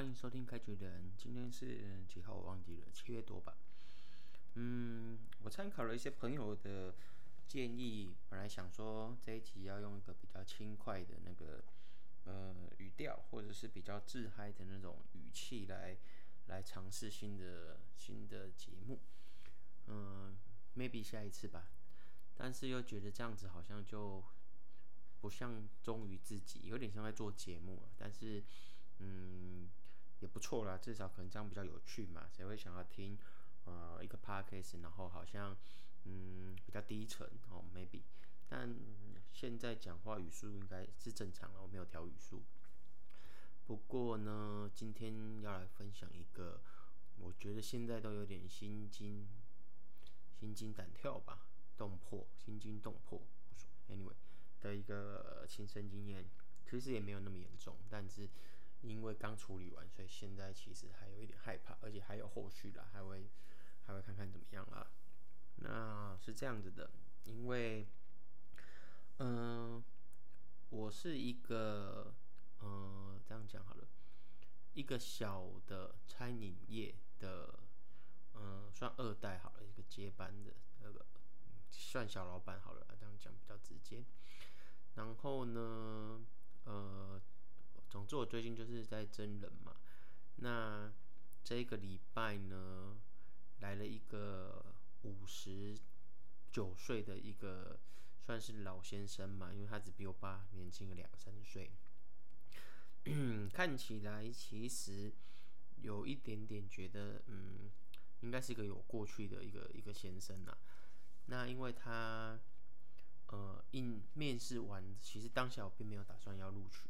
歡迎收聽《開局的人》，今天是幾號？嗯，我忘記了，七月多吧。嗯，我參考了一些朋友的建議，本來想說這一集要用一個比較輕快的那個呃語調，或者是比較自嗨的那種語氣來來嘗試新的新的節目。嗯，maybe 下一次吧。但是又覺得這樣子好像就不像忠於自己，有點像在做節目了。但是，嗯。也不錯啦，至少可能這樣比較有趣嘛。誰會想要聽，呃，一個 podcast，然後好像，嗯，比較低沉哦，maybe 但。但、嗯、現在講話語速應該是正常了，我沒有調語速。不過呢，今天要來分享一個，我覺得現在都有點心驚，心驚膽跳，吧，動魄，心驚動魄。我說，anyway 的一個親、呃、身經驗，其實也沒有那麼嚴重，但是。因為剛處理完，所以現在其實還有一點害怕，而且還有後續啦，還會還會看看怎麼樣啦。那是這樣子的，因為，嗯、呃，我是一個，呃，這樣講好了，一個小的餐飲業的，嗯、呃，算二代好了，一個接班的那個，算小老闆好了，這樣講比較直接。然後呢，呃。總之，我最近就是在徵人嘛。那這個禮拜呢，來了一個五十九歲的一個算是老先生嘛，因為他只比我爸年輕了兩三歲。看起來其實有一點點覺得，嗯，應該是一個有過去的一個一個先生啦、啊，那因為他呃，應面試完，其實當下我並沒有打算要錄取。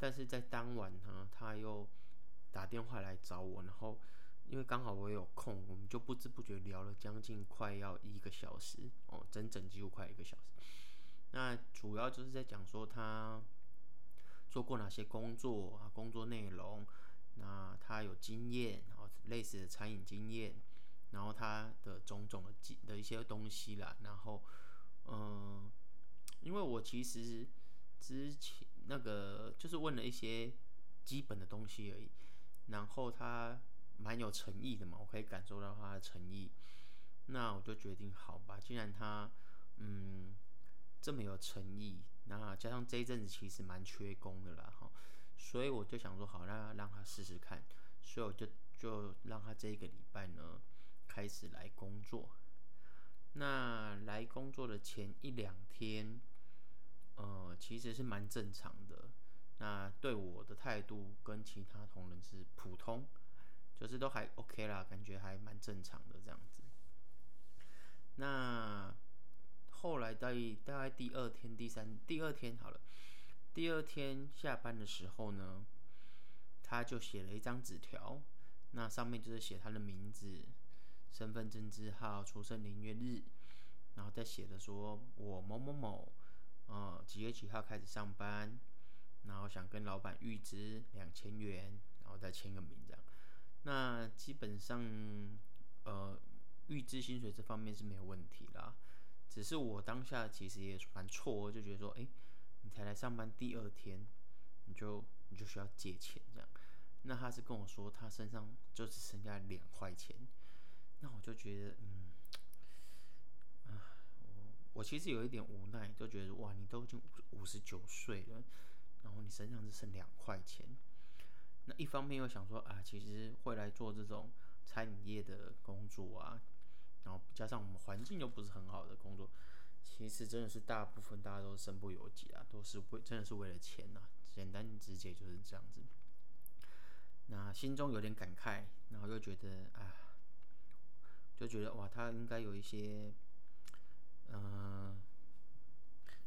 但是在當晚呢，他又打電話來找我，然後因為剛好我有空，我們就不知不覺聊了將近快要一個小時哦，整整幾乎快一個小時。那主要就是在講說他做過哪些工作啊，工作內容，那他有經驗，然後，哦，類似的餐飲經驗，然後他的種種的的一些東西啦，然後嗯、呃，因為我其實之前。那個就是問了一些基本的東西而已，然後他蠻有誠意的嘛，我可以感受到他的誠意。那我就決定，好吧，既然他嗯這麼有誠意，那加上這一陣子其實蠻缺工的啦，哈，所以我就想說，好，那讓他試試看。所以我就就讓他這一個禮拜呢開始來工作。那來工作的前一兩天。呃，其實是蠻正常的。那對我的態度跟其他同仁是普通，就是都還 OK 啦，感覺還蠻正常的這樣子。那後來大概大概第二天、第三、第二天好了，第二天下班的時候呢，他就寫了一張紙條，那上面就是寫他的名字、身份證字號、出生年月日，然後再寫着說我某某某。嗯，幾月幾號開始上班？然後想跟老闆預支兩千元，然後再簽個名這樣。那基本上，呃，預支薪水這方面是沒有問題啦。只是我當下其實也蠻錯，就覺得說，哎、欸，你才來上班第二天，你就你就需要借錢這樣。那他是跟我說，他身上就只剩下兩塊錢，那我就覺得，嗯。我其實有一點無奈，就覺得哇，你都已經五十九歲了，然後你身上只剩兩塊錢。那一方面又想說啊，其實會來做這種餐飲業的工作啊，然後加上我們環境又不是很好的工作，其實真的是大部分大家都身不由己啊，都是為真的是為了錢吶，啊，簡單直接就是這樣子。那心中有點感慨，然後又覺得啊，就覺得哇，他應該有一些。嗯、呃，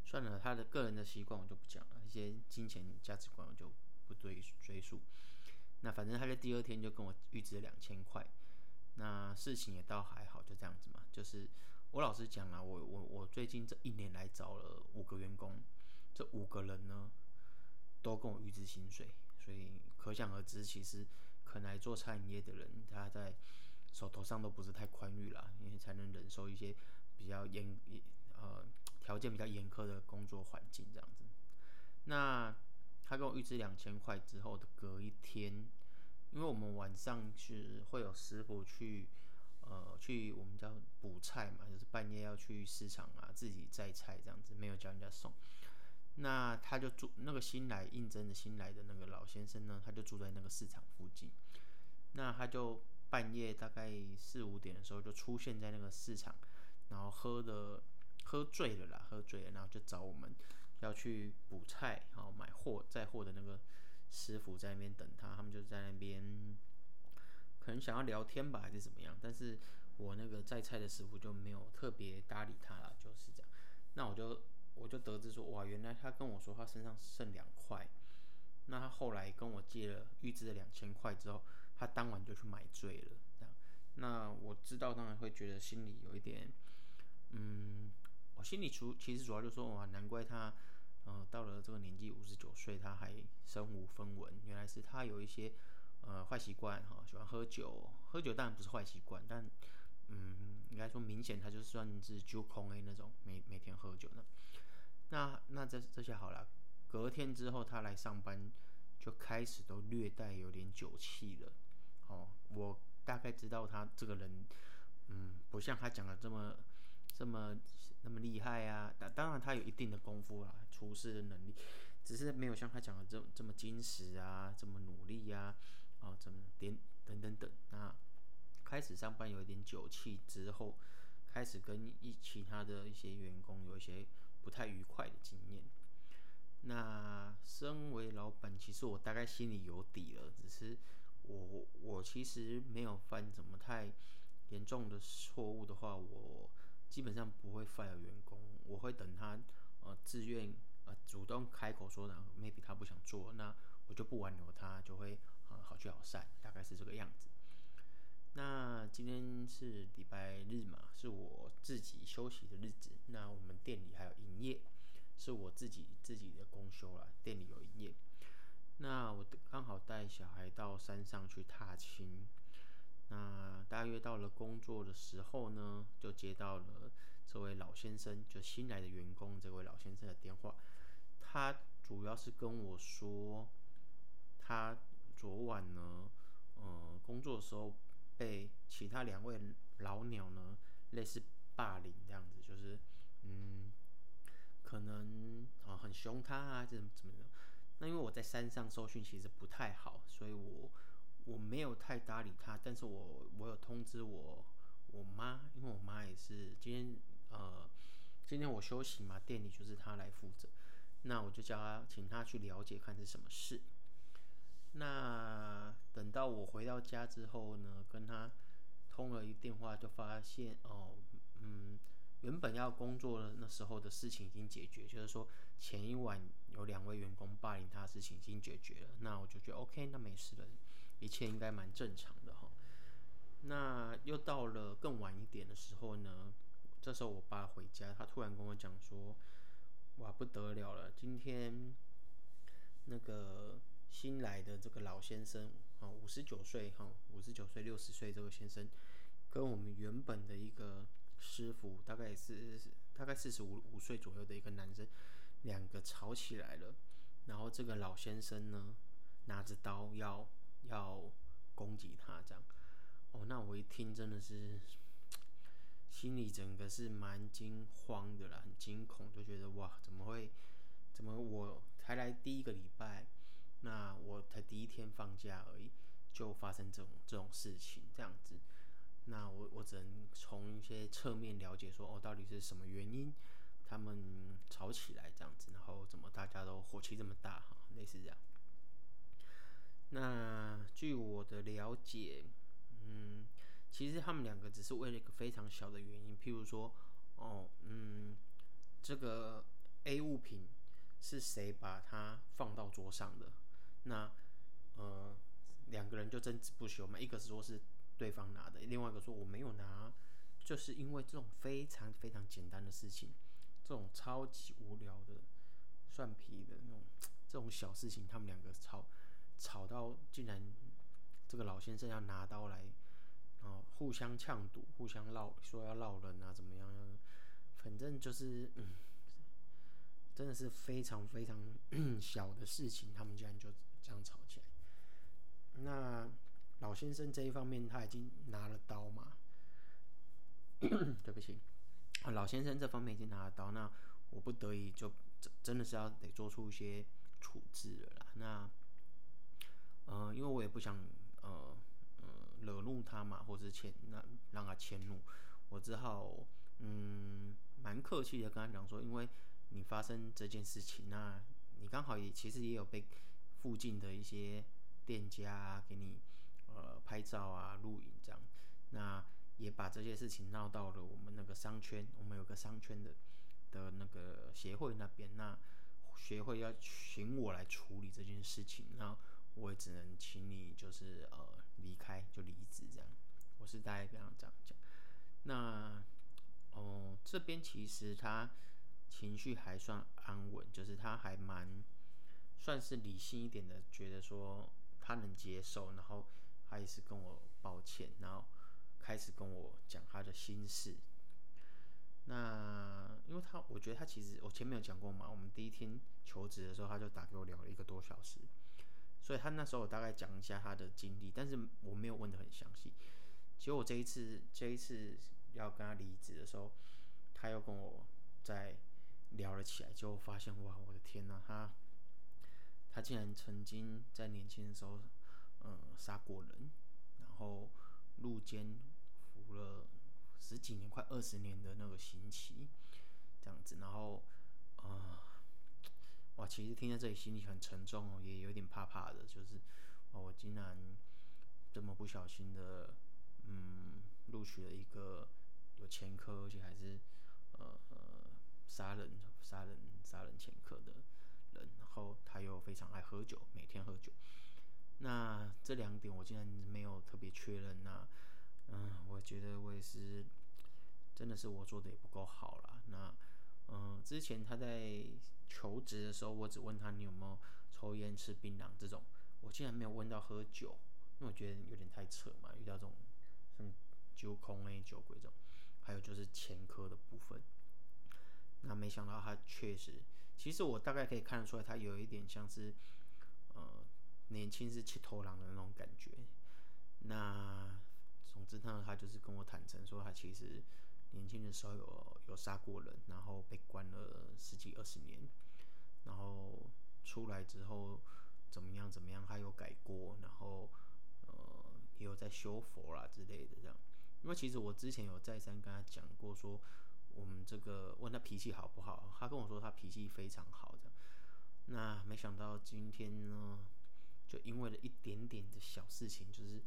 算了，他的個人的習慣我就不講了，一些金錢價值觀我就不追追溯。那反正他在第二天就跟我預支了兩千塊，那事情也倒還好，就這樣子嘛。就是我老實講啊，我我我最近這一年來找了五個員工，這五個人呢都跟我預支薪水，所以可想而知，其實肯來做餐飲業的人，他在手頭上都不是太寬裕啦，因為才能忍受一些。比較嚴嚴呃，條件比較嚴苛的工作環境這樣子。那他跟我預支兩千塊之後的隔一天，因為我們晚上是會有師傅去呃去我們家補菜嘛，就是半夜要去市場啊自己摘菜這樣子，沒有叫人家送。那他就住那個新來應徵的新來的那個老先生呢，他就住在那個市場附近。那他就半夜大概四五點的時候就出現在那個市場。然後喝的喝醉了啦，喝醉了，然後就找我們要去補菜，然後買貨載貨的那個師傅在那邊等他，他們就在那邊可能想要聊天吧，還是怎麼樣？但是我那個載菜的師傅就沒有特別搭理他了，就是這樣。那我就我就得知說，哇，原來他跟我說他身上剩兩塊，那他後來跟我借了預支了兩千塊之後，他當晚就去買醉了，這樣。那我知道當然會覺得心裡有一點。嗯，我心裡主其實主要就說，哇，難怪他，呃，到了這個年紀五十九歲，他還身無分文，原來是他有一些呃壞習慣哈，喜歡喝酒。喝酒當然不是壞習慣，但嗯，應該說明顯他就是算是酒空 A 那種，每每天喝酒呢。那那這這下好了，隔天之後他來上班就開始都略帶有點酒氣了。哦，我大概知道他這個人，嗯，不像他講的這麼。這麼那麼厲害啊？當當然他有一定的功夫啦，廚師的能力，只是沒有像他講的這這麼矜持啊，這麼努力啊，啊、呃，怎麼點等等等。那開始上班有一點酒氣之後，開始跟一其他的一些員工有一些不太愉快的經驗。那身為老闆，其實我大概心裡有底了，只是我我其實沒有犯什麼太嚴重的錯誤的話，我。基本上不會 fire 員工，我會等他呃自願呃主動開口說，然後 maybe 他不想做，那我就不挽留他，就會、呃、好聚好散，大概是這個樣子。那今天是禮拜日嘛，是我自己休息的日子。那我們店裡還有營業，是我自己自己的公休啦，店裡有營業。那我剛好帶小孩到山上去踏青。那大約到了工作的時候呢，就接到了，這位老先生就新來的員工，這位老先生的電話，他主要是跟我說，他昨晚呢，呃，工作的時候被其他兩位老鳥呢類似霸凌這樣子，就是嗯，可能啊很凶他啊，怎麼怎麼的。那因為我在山上收訊，其實不太好，所以我我沒有太搭理他，但是我我有通知我我媽，因為我媽也是今天。呃，今天我休息嘛，店裡就是他來負責，那我就叫他，請他去了解看是什麼事。那等到我回到家之後呢，跟他通了一電話，就發現哦、呃，嗯，原本要工作的那時候的事情已經解決，就是說前一晚有兩位員工霸凌他的事情已經解決了。那我就覺得 OK，那沒事了，一切應該蠻正常的哈。那又到了更晚一點的時候呢。這時候我爸回家，他突然跟我講說：“哇，不得了了！今天那個新來的這個老先生，哈，五十九歲，哈，五十九歲六十歲這個先生，跟我們原本的一個師傅，大概也是大概四十五五歲左右的一個男生，兩個吵起來了。然後這個老先生呢，拿着刀要要攻擊他，這樣。哦，那我一聽真的是。”心裡整個是蠻驚慌的啦，很驚恐，就覺得哇，怎麼會？怎麼我才來第一個禮拜，那我才第一天放假而已，就發生這種這種事情，這樣子。那我我只能從一些側面了解說，哦，到底是什麼原因他們吵起來這樣子，然後怎麼大家都火氣這麼大哈，類似這樣。那據我的了解，嗯。其實他們兩個只是為了一個非常小的原因，譬如說，哦，嗯，這個 A 物品是誰把它放到桌上的？那，呃，兩個人就爭執不休嘛。一個是說是對方拿的，另外一個說我沒有拿，就是因為這種非常非常簡單的事情，這種超級無聊的、蒜皮的那種、這種小事情，他們兩個吵吵到竟然這個老先生要拿刀來。哦，互相嗆堵，互相鬧，說要鬧人啊，怎麼樣、啊？反正就是、嗯，真的是非常非常 小的事情，他們竟然就這樣吵起來。那老先生這一方面他已經拿了刀嘛， 對不起，老先生這方面已經拿了刀，那我不得已就真的是要得做出一些處置了啦。那，呃，因為我也不想，呃。惹怒他嘛，或者是遷讓讓他遷怒，我只好嗯蠻客氣的跟他講說，因為你發生這件事情那、啊、你剛好也其實也有被附近的一些店家、啊、給你呃拍照啊、錄影這樣，那也把這件事情鬧到了我們那個商圈，我們有個商圈的的那個協會那邊，那協會要請我來處理這件事情，然後。我也只能請你就是呃離開，就離職這樣。我是大概這樣講。那哦，這邊其實他情緒還算安穩，就是他還蠻算是理性一點的，覺得說他能接受，然後他也是跟我抱歉，然後開始跟我講他的心事。那因為他，我覺得他其實我前面有講過嘛，我們第一天求職的時候，他就打給我聊了一個多小時。所以他那時候，我大概講一下他的經歷，但是我沒有問得很詳細。結果我這一次這一次要跟他離職的時候，他又跟我再聊了起來，就發現哇，我的天吶、啊，他他竟然曾經在年輕的時候，嗯，殺過人，然後入監服了十幾年，快二十年的那個刑期，這樣子，然後啊。嗯哇，其實聽到這裡，心裡很沉重哦，也有點怕怕的。就是哦，我竟然這麼不小心的，嗯，錄取了一個有前科，而且還是呃殺人、殺人、殺人前科的人，然後他又非常愛喝酒，每天喝酒。那這兩點我竟然沒有特別確認，那嗯，我覺得我也是真的是我做的也不夠好啦。那。嗯，之前他在求職的時候，我只問他你有沒有抽菸、吃檳榔這種，我竟然沒有問到喝酒，因為我覺得有點太扯嘛。遇到這種像酒空 A、酒鬼這種，還有就是前科的部分。那沒想到他確實，其實我大概可以看得出來，他有一點像是，呃，年輕時七頭狼的那種感覺。那總之呢，他就是跟我坦誠說，他其實。年輕的時候有有殺過人，然後被關了十幾二十年，然後出來之後怎麼樣怎麼樣，他有改過，然後呃也有在修佛啦之類的這樣。因為其實我之前有再三跟他講過，說我們這個問他脾氣好不好，他跟我說他脾氣非常好這樣。那沒想到今天呢，就因為了一點點的小事情，就是。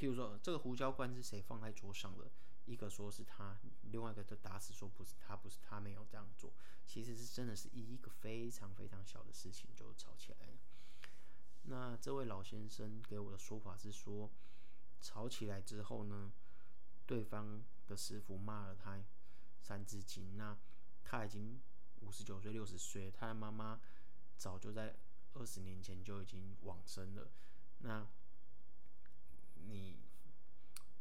譬如說，這個胡椒罐是誰放在桌上的？一個說是他，另外一個就打死說不是他，不是他沒有這樣做。其實是真的是以一個非常非常小的事情就吵起來了。那這位老先生給我的說法是說，吵起來之後呢，對方的師傅罵了他三字經。那他已經五十九歲、六十歲，他的媽媽早就在二十年前就已經往生了。那。你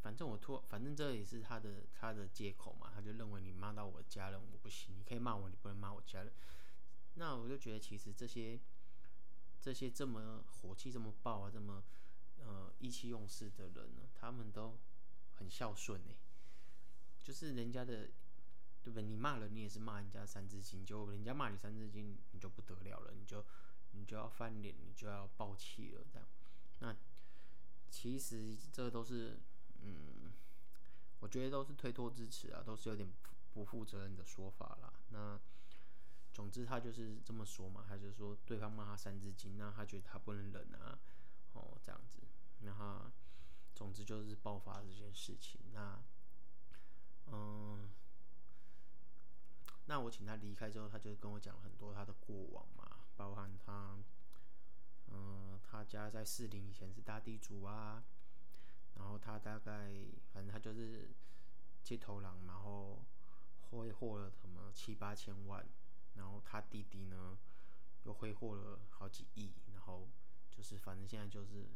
反正我突然，反正這也是他的他的借口嘛，他就認為你罵到我家人，我不行，你可以罵我，你不能罵我家人。那我就覺得其實這些這些這麼火氣這麼爆啊，這麼呃意氣用事的人呢、啊，他們都很孝順呢、欸，就是人家的對不對？你罵了你也是罵人家三字經，就人家罵你三字經，你就不得了了，你就你就要翻臉，你就要爆氣了這樣，那。其實這都是，嗯，我覺得都是推脫之詞啊，都是有點不不負責任的說法啦，那總之他就是這麼說嘛，他就說對方罵他三字經，那他覺得他不能忍啊，哦這樣子，那他總之就是爆發這件事情。那嗯，那我請他離開之後，他就跟我講很多他的過往嘛，包含他嗯。他家在四零以前是大地主啊，然後他大概反正他就是街頭狼，然後揮霍了什麼七八千萬，然後他弟弟呢又揮霍了好幾億，然後就是反正現在就是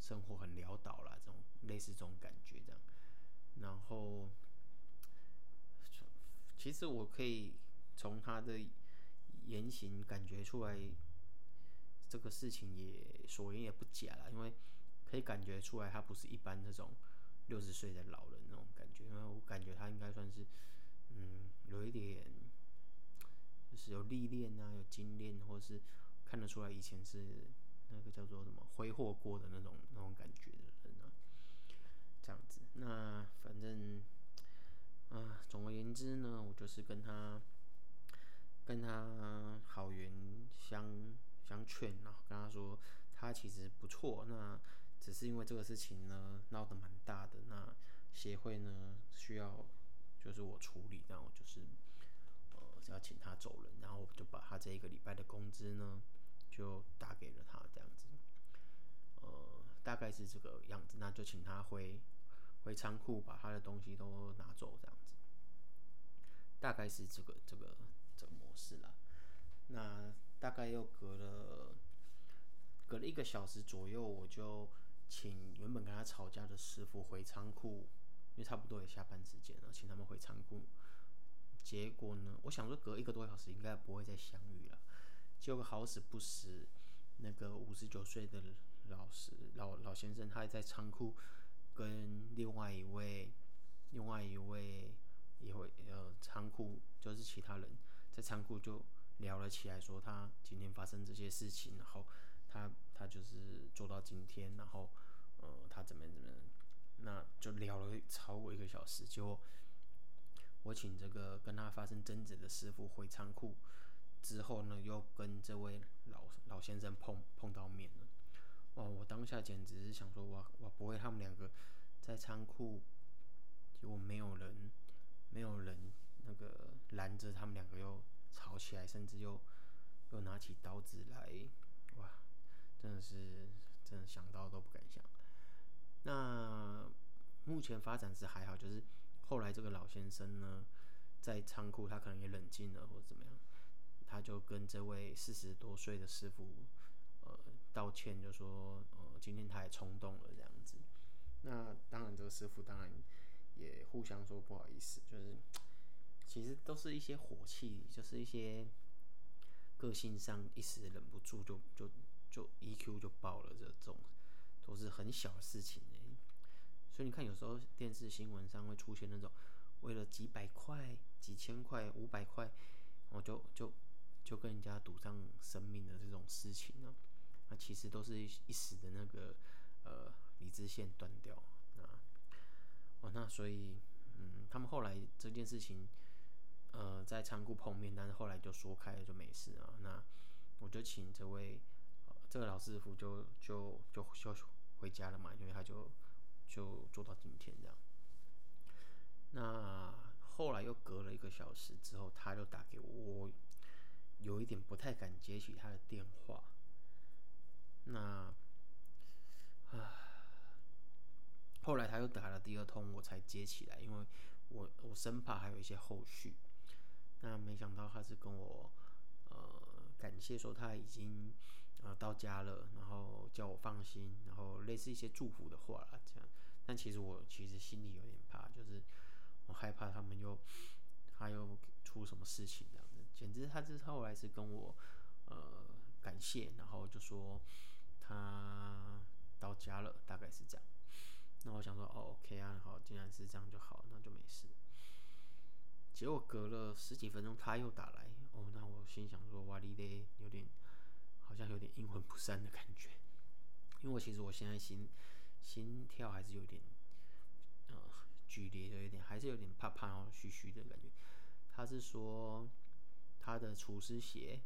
生活很潦倒啦，這種類似這種感覺這樣。然後其實我可以從他的言行感覺出來。這個事情也所言也不假了，因為可以感覺出來，他不是一般那種六十歲的老人那種感覺，因為我感覺他應該算是，嗯，有一點就是有歷練啊，有經驗，或是看得出來以前是那個叫做什麼揮霍過的那種那種感覺的人啊，這樣子。那反正啊，總而言之呢，我就是跟他跟他好緣相。想勸，然後跟他說他其實不錯，那只是因為這個事情呢鬧得蠻大的，那協會呢需要就是我處理，然後就是呃只要請他走人，然後我就把他這一個禮拜的工資呢就打給了他，這樣子，呃大概是這個樣子，那就請他回回倉庫把他的東西都拿走，這樣子，大概是這個這個這個模式了，那。大概又隔了隔了一個小時左右，我就請原本跟他吵架的師傅回倉庫，因為差不多也下班時間了，請他們回倉庫。結果呢，我想說隔一個多小時應該不會再相遇了，結果好死不死，那個五十九歲的老師老老先生他還在倉庫跟另外一位另外一位一位呃倉庫就是其他人在倉庫就，聊了起來，說他今天發生這些事情，然後他他就是做到今天，然後呃他怎麼樣怎麼樣，那就聊了超過一個小時，就我請這個跟他發生爭執的師傅回倉庫，之後呢又跟這位老老先生碰碰到面了，哇！我當下簡直是想說我，哇哇不會他們兩個在倉庫，結果沒有人沒有人那個攔着他們兩個又。跑起來，甚至又又拿起刀子來，哇！真的是，真的想到的都不敢想。那目前發展是還好，就是後來這個老先生呢，在倉庫他可能也冷靜了或者怎麼樣，他就跟這位四十多歲的師傅，呃，道歉，就說，呃，今天他也衝動了這樣子。那當然，這個師傅當然也互相說不好意思，就是。其實都是一些火氣，就是一些個性上一時忍不住，就就就 EQ 就爆了這種，都是很小的事情。所以你看，有時候電視新聞上會出現那種為了幾百塊、幾千塊、五百塊，我、哦、就就就跟人家賭上生命的這種事情啊，那、啊、其實都是一時的那個呃理智線斷掉啊。哦，那所以嗯，他們後來這件事情。呃，在倉庫碰面，但是後來就說開了，就沒事了。那我就請這位、呃、這個老師傅就就就休息回家了嘛，因為他就就做到今天這樣。那後來又隔了一個小時之後，他就打給我，我有一點不太敢接起他的電話。那啊，後來他又打了第二通，我才接起來，因為我我生怕還有一些後續。那沒想到他是跟我，呃，感謝說他已經呃到家了，然後叫我放心，然後類似一些祝福的話啦，這樣。但其實我其實心裡有點怕，就是我害怕他們又他又出什麼事情這樣子。簡直他是後來是跟我呃感謝，然後就說他到家了，大概是這樣。那我想說哦，OK 啊，好，既然是這樣就好，那就沒事。結果隔了十幾分鐘，他又打來，哦，那我心想說，哇哩咧，有點好像有點陰魂不散的感覺，因為我其實我現在心心跳還是有點，呃，劇烈的，有點還是有點怕怕然後，噓噓的感覺。他是說他的廚師鞋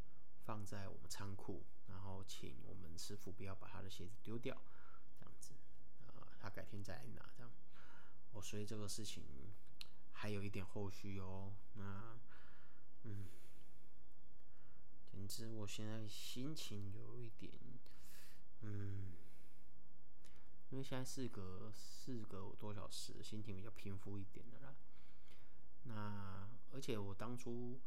放在我們倉庫，然後請我們師傅不要把他的鞋子丟掉，這樣子，啊、呃，他改天再來拿，這樣，哦，所以這個事情。還有一點後續哦，那嗯，簡直我現在心情有一點，嗯，因為現在事隔事隔多小時，心情比較平復一點的啦。那而且我當初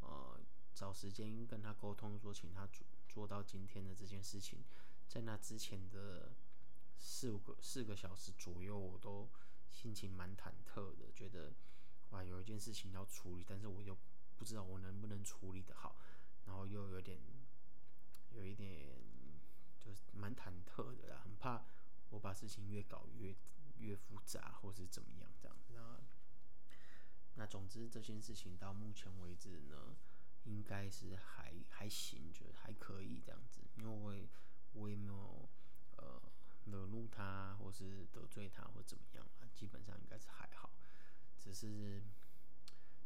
呃找時間跟他溝通，說請他做做到今天的這件事情，在那之前的四五個四個小時左右，我都心情蠻忐忑的，覺得。有一件事情要處理，但是我又不知道我能不能處理得好，然後又有點，有一點，就是蠻忐忑的啦，很怕我把事情越搞越越複雜，或是怎麼樣這樣，那，那總之這件事情到目前為止呢，應該是還還行，就是還可以這樣子，因為我也我也沒有呃惹怒他，或是得罪他，或怎麼樣啦，基本上應該是還好。只是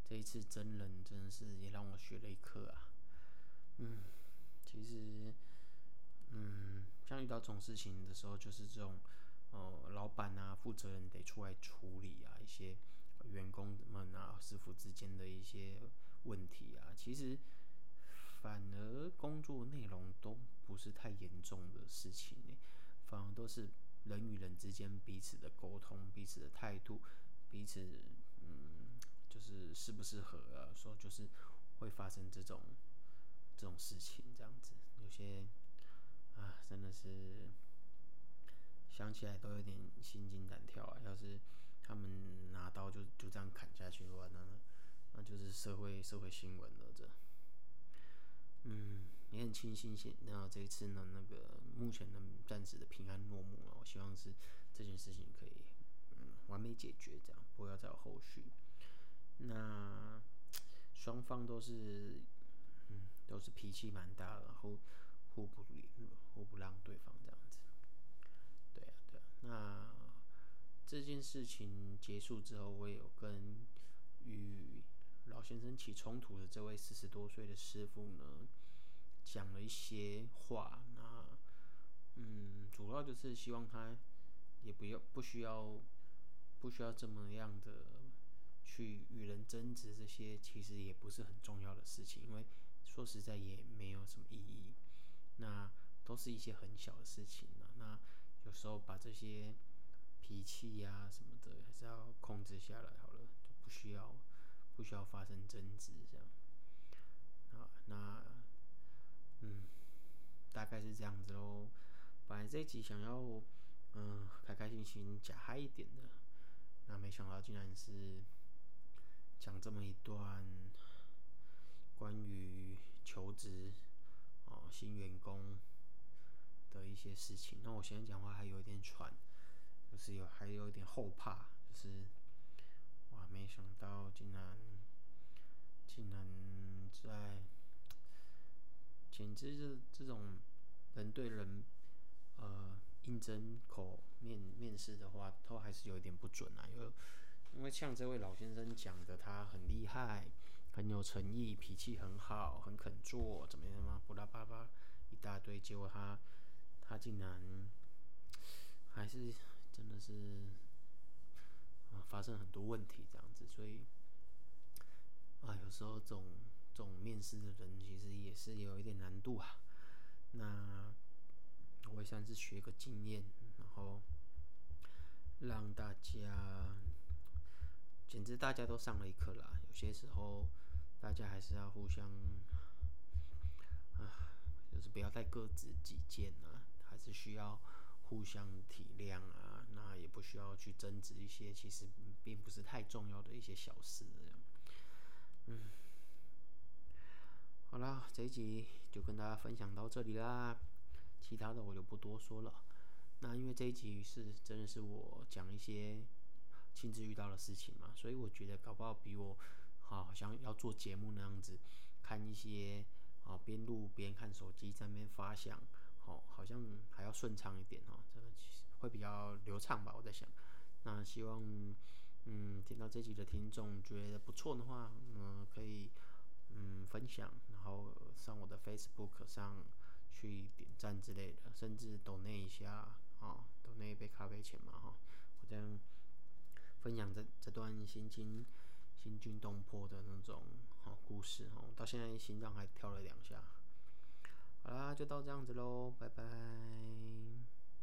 這一次真人真的是也讓我學了一課啊，嗯，其實，嗯，像遇到這種事情的時候，就是這種，呃，老闆啊、負責人得出來處理啊，一些員工們啊、師傅之間的一些問題啊，其實反而工作內容都不是太嚴重的事情，欸，反而都是人與人之間彼此的溝通、彼此的態度、彼此。就是適不適合啊？說就是會發生這種這種事情，這樣子，有些啊，真的是想起來都有點心驚膽跳啊。要是他們拿刀就就這樣砍下去的話，那那就是社會社會新聞了。這，嗯，也很慶幸，那這一次呢，那個目前呢暫時的平安落幕了啊。我希望是這件事情可以嗯完美解決，這樣不要再有後續。那雙方都是，嗯，都是脾氣蠻大的，然後互不理、互不讓對方這樣子。對啊，對啊。那這件事情結束之後，我也有跟與老先生起衝突的這位四十多歲的師傅呢講了一些話。那嗯，主要就是希望他也不要、不需要、不需要這麼樣的。去與人爭執，這些其實也不是很重要的事情，因為說實在也沒有什麼意義。那都是一些很小的事情，啊，那有時候把這些脾氣呀、啊、什麼的，還是要控制下來好了，就不需要不需要發生爭執這樣。好，那，嗯，大概是這樣子嘍。本來這一集想要嗯開開心心假嗨一點的，那沒想到竟然是。講這麼一段關於求職哦，新員工的一些事情，那我現在講話還有一點喘，就是有還有一點後怕，就是哇，沒想到竟然竟然在，簡直是這種人對人呃應徵口面面試的話，都還是有一點不準啊，因為。因為像這位老先生講的，他很厲害，很有誠意，脾氣很好，很肯做，怎麼樣嘛，巴拉巴拉一大堆，結果他，他竟然還是真的是、啊、發生很多問題這樣子，所以啊，有時候這種這種面試的人其實也是有一點難度啊。那我也算是學個經驗，然後讓大家。簡直大家都上了一課啦！有些時候，大家還是要互相啊，就是不要太各執己見啊，還是需要互相體諒啊。那也不需要去爭執一些其實並不是太重要的一些小事。嗯，好啦，這一集就跟大家分享到這裡啦，其他的我就不多說了。那因為這一集是真的是我講一些。親自遇到的事情嘛，所以我覺得搞不好比我，好，好像要做節目那樣子，看一些，啊，邊錄邊看手機，在那邊發想，好，好像還要順暢一點哦，這個其實會比較流暢吧，我在想。那希望，嗯，聽到這集的聽眾覺得不錯的話，嗯，可以，嗯，分享，然後上我的 Facebook 上去點贊之類的，甚至 Donate 一下，啊，哦，Donate 一杯咖啡錢嘛，哈，哦，我這樣。分享這這段心情，心驚動魄的那種哦故事哦，到現在心臟還跳了兩下。好啦，就到這樣子嘍，拜拜。